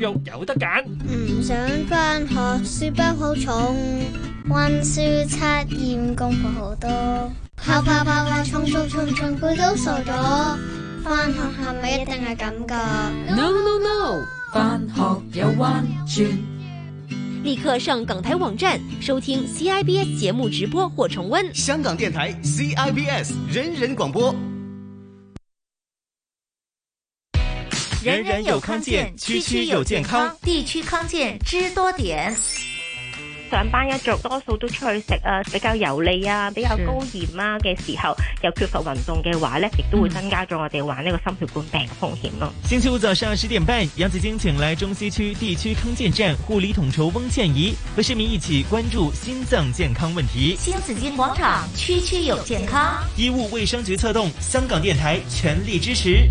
有有得揀，唔想翻學，書包好重，温書測驗功課好多，跑跑跑跑，衝衝衝衝，攰到傻咗。翻學係咪一定係咁噶？No No No！翻學有彎轉。立刻上港台網站收聽 CIBS 節目直播或重温香港電台 CIBS 人人廣播。人人有康健，區區有健康，區區健康地區康健知多點。上班一族多數都出去食啊，比較油膩啊、比較高鹽啊嘅時候，又缺乏運動嘅話呢，亦都會增加咗我哋患呢個心血管病嘅風險咯、啊嗯。星期五早上十點半，楊子晶請來中西區地區康健站護理統籌翁倩儀，和市民一起關注心臟健康問題。新子金廣場區區有健康，醫務衛生局策動，香港電台全力支持。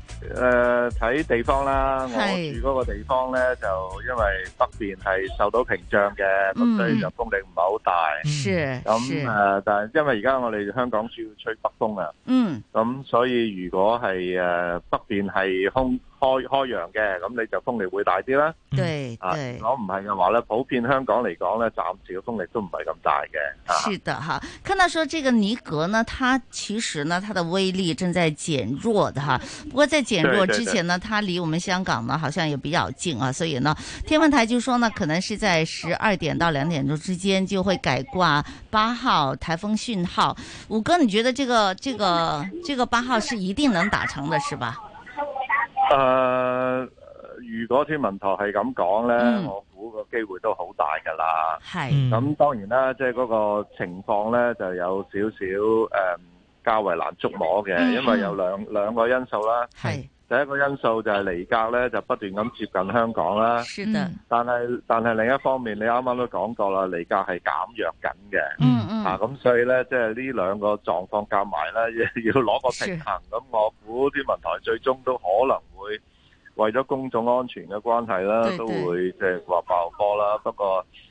誒、呃，睇地方啦，我住嗰個地方咧，就因為北邊係受到屏障嘅，咁、嗯、所以就風力唔係好大。咁誒，但係、呃、因為而家我哋香港主要吹北風啊，咁、嗯、所以如果係誒、呃、北邊係空。開開揚嘅，咁你就風力會大啲啦。對對、啊，如果唔係嘅話呢，普遍香港嚟講呢，暫時嘅風力都唔係咁大嘅、啊。是的哈，看到說這個尼格呢，它其實呢，它的威力正在減弱的哈。不過在減弱之前呢，它離我們香港呢，好像也比較近啊，所以呢，天文台就說呢，可能是在十二點到兩點鐘之間就會改掛八號台風訊號。五哥，你覺得這個這個這個八號是一定能打成的，是吧？誒、uh，如果天文台係咁講呢，嗯、我估個機會都好大噶啦。係，咁當然啦，即係嗰個情況呢，就有少少誒，較、嗯、為難捉摸嘅、嗯，因為有兩兩個因素啦。係。第一個因素就係離隔咧，就不斷咁接近香港啦。但係但係另一方面，你啱啱都講過啦，離隔係減弱緊嘅。嗯嗯。啊，咁所以咧，即係呢兩個狀況夾埋咧，要攞個平衡。咁我估天文台最終都可能會為咗公眾安全嘅關係啦，都會即係話爆波啦。不過。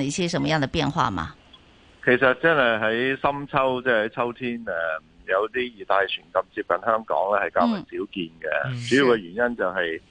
一些什麼樣的變化嘛？其實真係喺深秋，即係喺秋天誒，有啲熱帶船咁接近香港咧，係較為少見嘅、嗯。主要嘅原因就係、是、誒、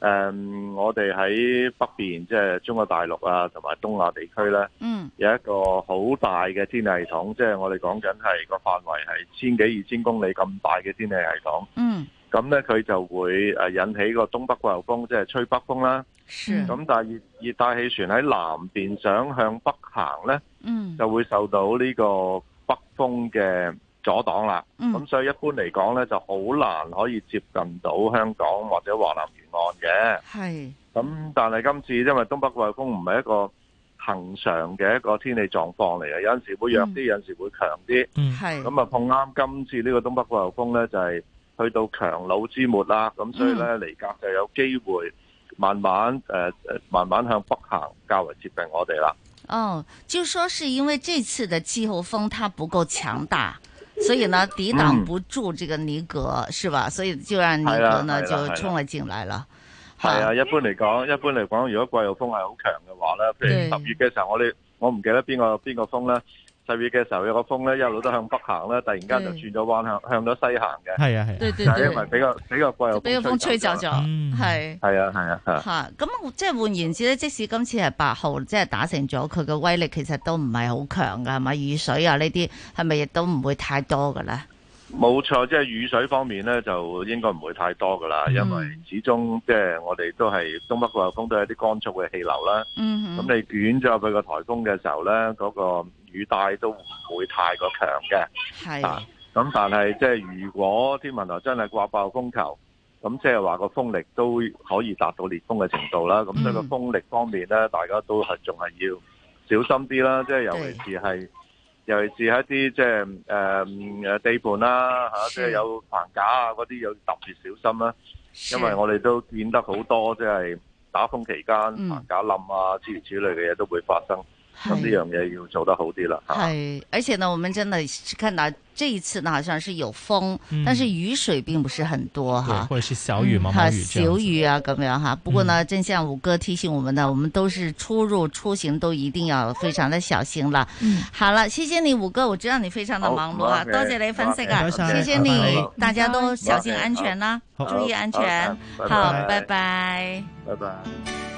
嗯，我哋喺北邊，即、就、係、是、中國大陸啊，同埋東亞地區咧，嗯，有一個好大嘅天氣系統，即、嗯、係、就是、我哋講緊係個範圍係千幾二千公里咁大嘅天氣系統，嗯。咁咧，佢就會誒引起個東北季候風，即係吹北風啦。咁、嗯、但係熱熱帶氣旋喺南邊想向北行咧、嗯，就會受到呢個北風嘅阻擋啦。咁、嗯、所以一般嚟講咧，就好難可以接近到香港或者華南沿岸嘅。咁但係今次因為東北季候風唔係一個恒常嘅一個天氣狀況嚟嘅，有陣時會弱啲、嗯，有陣時會強啲。咁、嗯、啊碰啱今次呢個東北季候風咧，就係。去到強弩之末啦，咁所以咧尼格就有機會慢慢誒誒、嗯呃、慢慢向北行，較為接近我哋啦。哦，就說是因為這次嘅季候風它不夠強大，所以呢抵擋不住這個尼格、嗯，是吧？所以就讓尼格呢、啊、就衝咗進來了。係啊，啊，啊，啊，一般嚟講，一般嚟講，如果季候風係好強嘅話咧，譬如十月嘅時候我，我哋我唔記得邊個邊個風咧。十月嘅時候有個風咧，一路都向北行咧，突然間就轉咗彎向向咗西行嘅。係啊係，因為比較比較季候，俾個風吹走咗。係係啊係啊吓。吓、嗯，咁即係換言之咧，即使今次係八號，即係打成咗，佢嘅威力其實都唔係好強噶係咪雨水啊呢啲係咪亦都唔會太多噶咧？冇錯，即係雨水方面咧，就應該唔會太多噶啦，因為始終即係我哋都係東北季候風都些的，都係一啲乾燥嘅氣流啦。咁、嗯、你捲咗入去個台風嘅時候咧，嗰、那個。雨帶都唔會太過強嘅，係咁、啊、但係即係如果天文台真係掛暴風球，咁即係話個風力都可以達到烈風嘅程度啦。咁喺個風力方面咧、嗯，大家都係仲係要小心啲啦。即、就、係、是、尤其是係，尤其是喺一啲即係誒誒地盤啦、啊、嚇，即、啊、係有棚架啊嗰啲，要特別小心啦、啊。因為我哋都見得好多，即、就、係、是、打風期間棚、嗯、架冧啊，諸如此類嘅嘢都會發生。咁呢樣嘢要做得好啲啦，係。而且呢，我們真是看到這一次呢，好像是有風，但是雨水並不是很多，嗯、哈，或者是小雨、毛毛雨這樣子小雨，小雨啊，咁樣哈。不過呢，真像五哥提醒我們呢、嗯，我們都是出入出行都一定要非常的小心了，嗯，好了，謝謝你五哥，我知道你非常的忙碌啊，多謝你 Francis 啊，謝謝你，大家都小心安全啦，注意安全，好，拜拜，拜拜。拜拜。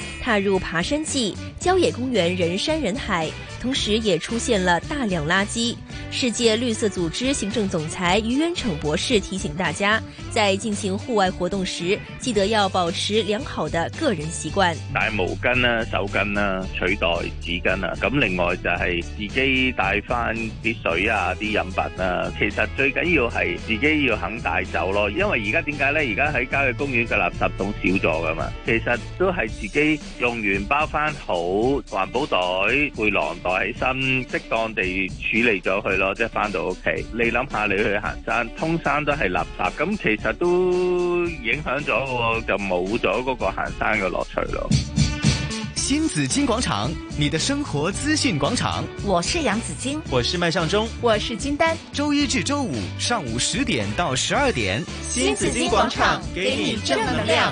踏入爬山季，郊野公園人山人海，同時也出現了大量垃圾。世界綠色組織行政總裁余遠騁博士提醒大家，在進行戶外活動時，記得要保持良好的個人習慣，帶毛巾啦、啊、手巾啦、啊、取代紙巾啊。咁另外就係自己帶翻啲水啊、啲飲品啦、啊。其實最緊要係自己要肯帶走咯，因為而家點解呢？而家喺郊野公園嘅垃圾桶少咗噶嘛？其實都係自己。用完包翻好環保袋，背囊袋起身，適當地處理咗佢咯，即係翻到屋企。你諗下，你去行山，通山都係垃圾，咁其實都影響咗，就冇咗嗰個行山嘅樂趣咯。新紫荊廣場，你的生活資訊廣場，我是楊紫荊，我是麥尚中，我是金丹。周一至周五上午十點到十二點，新紫荊廣場給你正能量。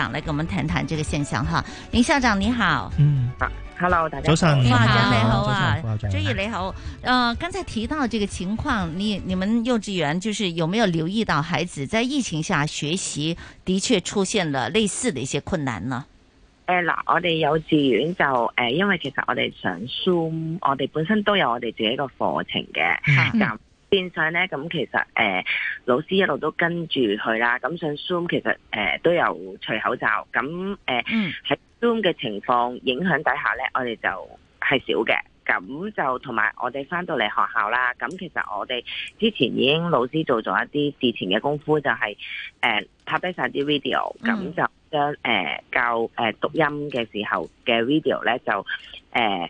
嚟，跟我們談談這個現象哈，林校長你好，嗯，hello 大家，早上好。林校長你好啊，張儀你好，誒、呃，剛才提到這個情況，你你們幼稚園就是有沒有留意到孩子在疫情下學習的確出現了類似的一些困難呢？誒、嗯、嗱，我哋幼稚園就誒，因為其實我哋上 Zoom，我哋本身都有我哋自己一個課程嘅，變相咧，咁其實誒、呃，老師一路都跟住佢啦。咁上 Zoom 其實誒、呃、都有除口罩。咁誒，喺、呃 mm. Zoom 嘅情況影響底下咧，我哋就係少嘅。咁就同埋我哋翻到嚟學校啦。咁其實我哋之前已經老師做咗一啲事前嘅功夫，就係、是、誒、呃、拍低晒啲 video。咁就將誒、呃、教誒、呃、讀音嘅時候嘅 video 咧就誒。呃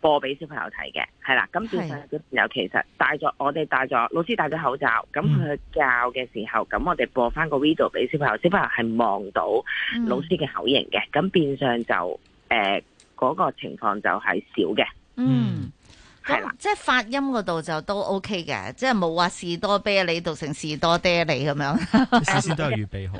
播俾小朋友睇嘅，係啦。咁變相，小朋友其實戴咗，我哋戴咗，老師戴咗口罩。咁佢教嘅時候，咁、嗯、我哋播翻個 video 俾小朋友，小朋友係望到老師嘅口型嘅。咁、嗯、變相就誒嗰、呃那個情況就係少嘅。嗯，係啦、嗯嗯，即係發音嗰度就都 OK 嘅，即係冇話士多啤梨讀成士多爹哋」咁樣。老 師都有預備好。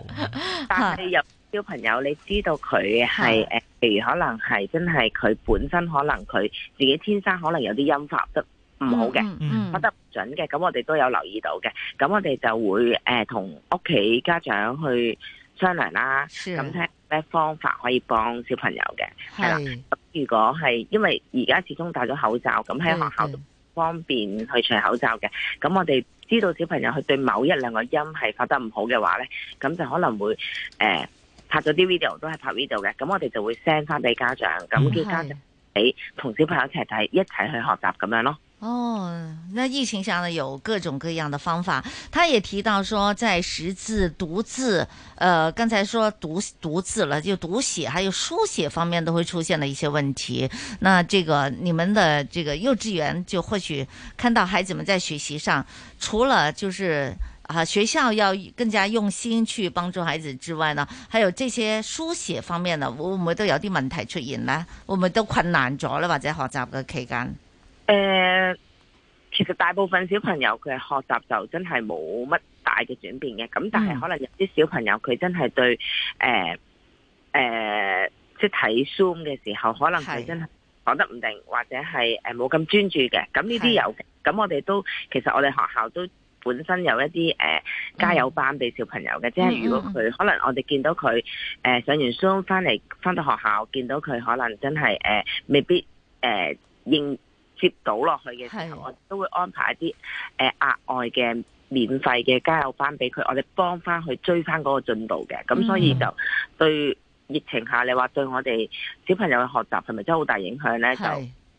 係。 小朋友，你知道佢係誒，譬、呃、如可能係真係佢本身可能佢自己天生可能有啲音發得唔好嘅、嗯嗯，發得唔準嘅，咁我哋都有留意到嘅。咁我哋就會誒同屋企家長去商量啦。咁、嗯、聽咩方法可以幫小朋友嘅係啦。咁、呃、如果係因為而家始終戴咗口罩，咁喺學校都唔方便去除口罩嘅。咁我哋知道小朋友佢對某一兩個音係發得唔好嘅話咧，咁就可能會誒。呃拍咗啲 video 都係拍 video 嘅，咁我哋就會 send 翻俾家長，咁叫家長俾同小朋友一齊睇，一齊去學習咁樣咯。哦，那疫情下呢有各種各樣的方法，他也提到說，在識字、讀字，呃，剛才說讀讀字了，就讀寫，還有書寫方面都會出現的一些問題。那這個你們的這個幼稚園就或許看到孩子們在學習上，除了就是。啊、學校要更加用心去幫助孩子之外呢，還有這些書寫方面呢，會唔會都有啲問題出現呢？會唔會都困難咗呢？或者學習嘅期間。誒、呃，其實大部分小朋友佢學習就真係冇乜大嘅轉變嘅。咁、嗯、但係可能有啲小朋友佢真係對誒誒、呃呃，即係睇書嘅時候，可能佢真係講得唔定，或者係誒冇咁專注嘅。咁呢啲有，咁我哋都其實我哋學校都，本身有一啲誒、呃、加油班俾小朋友嘅，即、嗯、係如果佢可能我哋見到佢誒、呃、上完 SHOW 翻嚟，翻到學校見到佢可能真係誒、呃、未必誒、呃、應接到落去嘅時候，我都會安排一啲誒額外嘅免費嘅加油班俾佢，我哋幫翻去追翻嗰個進度嘅。咁所以就對疫情下，你話對我哋小朋友嘅學習係咪真係好大影響咧？就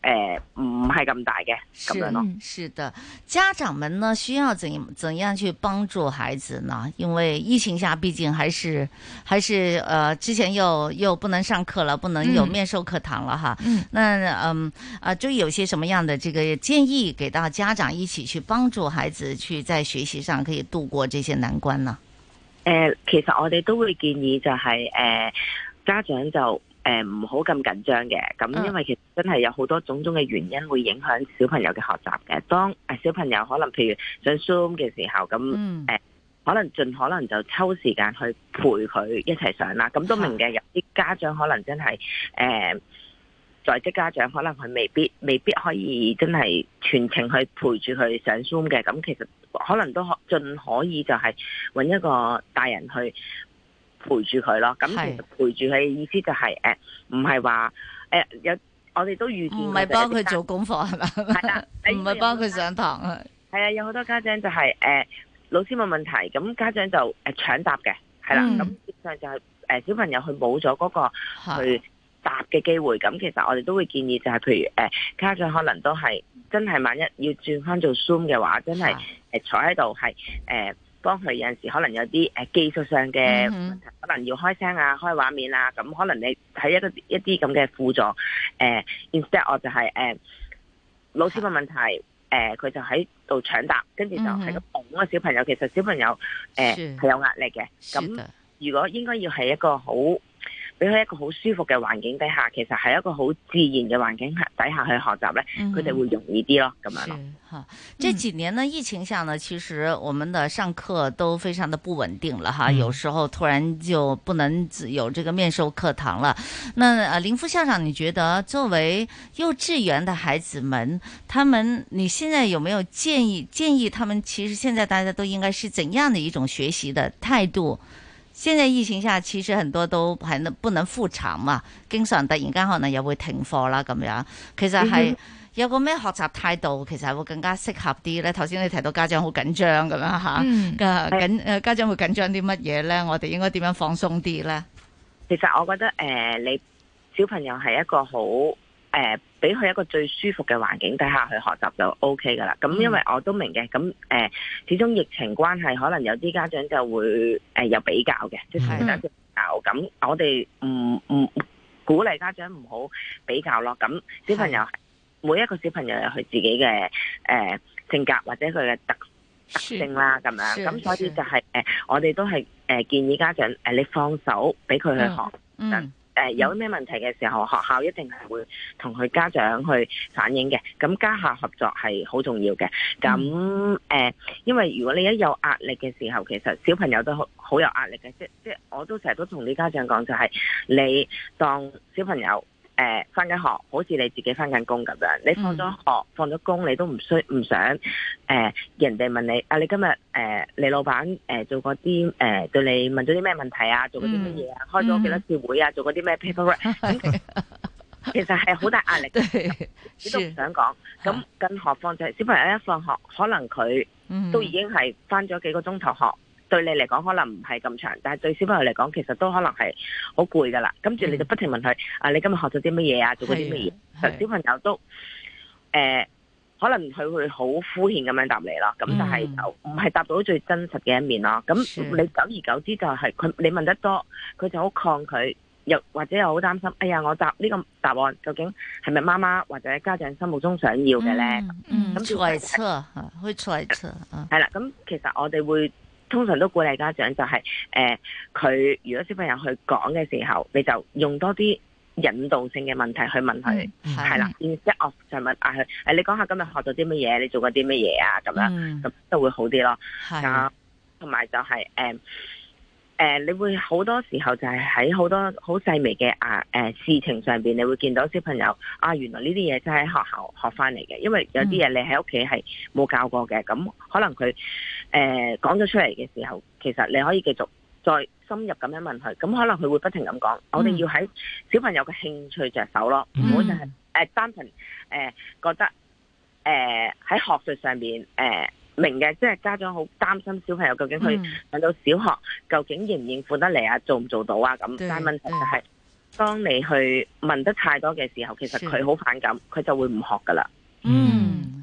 誒、呃，唔係咁大嘅，咁樣咯、啊。是的，家長們呢需要怎怎樣去幫助孩子呢？因為疫情下，畢竟還是還是，呃之前又又不能上課了，嗯、不能有面授課堂了，哈。嗯。那，嗯，啊，就有些什麼樣的這個建議，給到家長一起去幫助孩子去在學習上可以度過這些難關呢？誒、呃，其實我哋都會建議就係、是，誒、呃，家長就。誒、呃，唔好咁緊張嘅，咁因為其實真係有好多種種嘅原因會影響小朋友嘅學習嘅。當誒小朋友可能譬如上 Zoom 嘅時候，咁誒可能盡可能就抽時間去陪佢一齊上啦。咁都明嘅，有啲家長可能真係誒、呃、在職家長，可能佢未必未必可以真係全程去陪住佢上 Zoom 嘅。咁其實可能都可盡可以就係搵一個大人去。陪住佢咯，咁其實陪住佢意思就係、是、誒，唔係話誒有我哋都預見唔係幫佢做功課係嘛？係啦，唔 係幫佢上堂係係啊，有好多家長就係、是、誒、呃，老師冇問題，咁家長就誒、呃、搶答嘅，係啦。咁實際上就係誒、就是呃，小朋友佢冇咗嗰個去答嘅機會。咁其實我哋都會建議就係、是，譬如誒、呃，家長可能都係真係萬一要轉翻做 Zoom 嘅話，真係誒、呃、坐喺度係誒。呃幫佢有陣時可能有啲、啊、技術上嘅問題，mm -hmm. 可能要開聲啊、開畫面啊，咁可能你睇一個一啲咁嘅輔助、啊、instead，我就係誒老師嘅問題，誒、啊、佢就喺度搶答，mm -hmm. 跟住就喺咁㧬個小朋友。其實小朋友誒係有壓力嘅，咁如果應該要係一個好。你喺一個好舒服嘅環境底下，其實係一個好自然嘅環境下底下去學習咧，佢、嗯、哋會容易啲咯，咁樣咯。吓，這幾年呢疫情下呢，其實我們的上課都非常的不穩定了，哈、嗯，有時候突然就不能只有這個面授課堂了。那、呃、林副校長，你覺得作為幼稚園的孩子們，他們你現在有沒有建議？建議他們其實現在大家都應該是怎樣的一種學習的態度？現在疫情下，其實很多都係不能復產嘛，經常突然間可能又會停課啦咁樣。其實係有個咩學習態度，其實係會更加適合啲咧？頭先你提到家長好緊張咁樣吓，嘅緊誒家長會緊張啲乜嘢咧？我哋應該點樣放鬆啲咧？其實我覺得誒、呃，你小朋友係一個好誒。呃俾佢一個最舒服嘅環境底下去學習就 OK 㗎喇。咁因為我都明嘅，咁誒、呃、始終疫情關係，可能有啲家長就會誒、呃、有比較嘅，即係、就是、比較咁。我哋唔唔鼓勵家長唔好比較咯。咁小朋友每一個小朋友有佢自己嘅誒、呃、性格或者佢嘅特特性啦，咁樣。咁所以就係、是呃、我哋都係誒建議家長、呃、你放手俾佢去學。嗯。誒有咩問題嘅時候，學校一定係會同佢家長去反映嘅。咁家校合作係好重要嘅。咁誒、呃，因為如果你一有壓力嘅時候，其實小朋友都好好有壓力嘅。即即我都成日都同啲家長講、就係，就係你當小朋友。誒、呃，翻緊學，好似你自己翻緊工咁樣。你放咗學，放咗工，你都唔需唔想，誒、呃，人哋問你啊，你今日誒、呃，你老闆誒、呃、做過啲誒、呃，對你問咗啲咩問題啊，嗯、做過啲乜嘢啊，開咗幾多次會啊，嗯、做嗰啲咩 paperwork？ 其實係好大壓力，你都唔想講。咁更何況就係小朋友一放學，可能佢都已經係翻咗幾個鐘頭學。對你嚟講可能唔係咁長，但係對小朋友嚟講其實都可能係好攰噶啦。跟住你就不停問佢、嗯，啊，你今日學咗啲乜嘢啊？做過啲乜嘢？小朋友都誒、呃，可能佢會好敷衍咁樣答你咯。咁但係就唔係答到最真實嘅一面咯。咁你久而久之就係、是、佢你問得多，佢就好抗拒，又或者又好擔心。哎呀，我答呢個答案究竟係咪媽媽或者家長心目中想要嘅咧？咁揣測，係、嗯、啦，咁、啊啊、其實我哋會。通常都鼓勵家長就係、是，誒、呃，佢如果小朋友去講嘅時候，你就用多啲引導性嘅問題去問佢，係、嗯、啦，即係我提問啊佢，誒、啊，你講下今日學咗啲乜嘢，你做過啲乜嘢啊，咁樣，咁、嗯、都會好啲咯。係、就是、啊，同埋就係，誒，誒，你會好多時候就係喺好多好細微嘅啊，誒、啊，事情上邊你會見到小朋友，啊，原來呢啲嘢真係喺學校學翻嚟嘅，因為有啲嘢你喺屋企係冇教過嘅，咁、嗯、可能佢。誒、呃，講咗出嚟嘅時候，其實你可以繼續再深入咁樣問佢，咁可能佢會不停咁講、嗯。我哋要喺小朋友嘅興趣着手咯，唔、嗯、好就係、是、誒、呃、單純誒、呃、覺得誒喺、呃、學術上面誒、呃、明嘅，即、就、係、是、家長好擔心小朋友究竟去到小學、嗯、究竟應唔應付得嚟啊，做唔做到啊咁。但係問題就係、是，當你去問得太多嘅時候，其實佢好反感，佢就會唔學噶啦。嗯。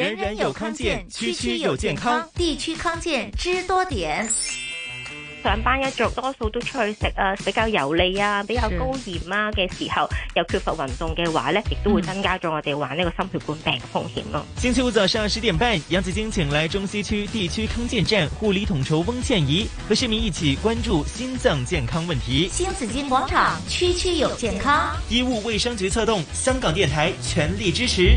人人有康健，區區有健康，區區有健康地區康健知多點。上班一族多數都出去食啊，比較油膩啊，比較高鹽啊，嘅時候又缺乏運動嘅話呢，亦都會增加咗我哋患呢個心血管病嘅風險咯。嗯。星期五早上十點半，楊紫晶請來中西區地區康健站護理統籌翁倩怡，和市民一起關注心臟健康問題。新紫金廣場區區有健康，醫務衛生局策動，香港電台全力支持。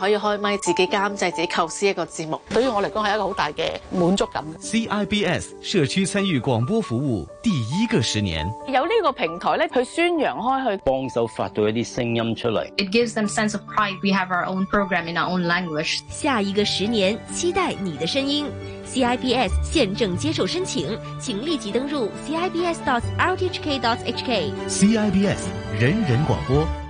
可以開咪，自己監製，自己構思一個節目，對於我嚟講係一個好大嘅滿足感。CIBS 社區參與廣播服務第一個十年，有呢個平台咧，宣揚去宣揚開，去幫手發到一啲聲音出嚟。It gives them sense of pride. We have our own program in our own language. 下一個十年，期待你的聲音。CIBS 現正接受申請，請立即登入 cibs.rthk.hk。CIBS 人人廣播。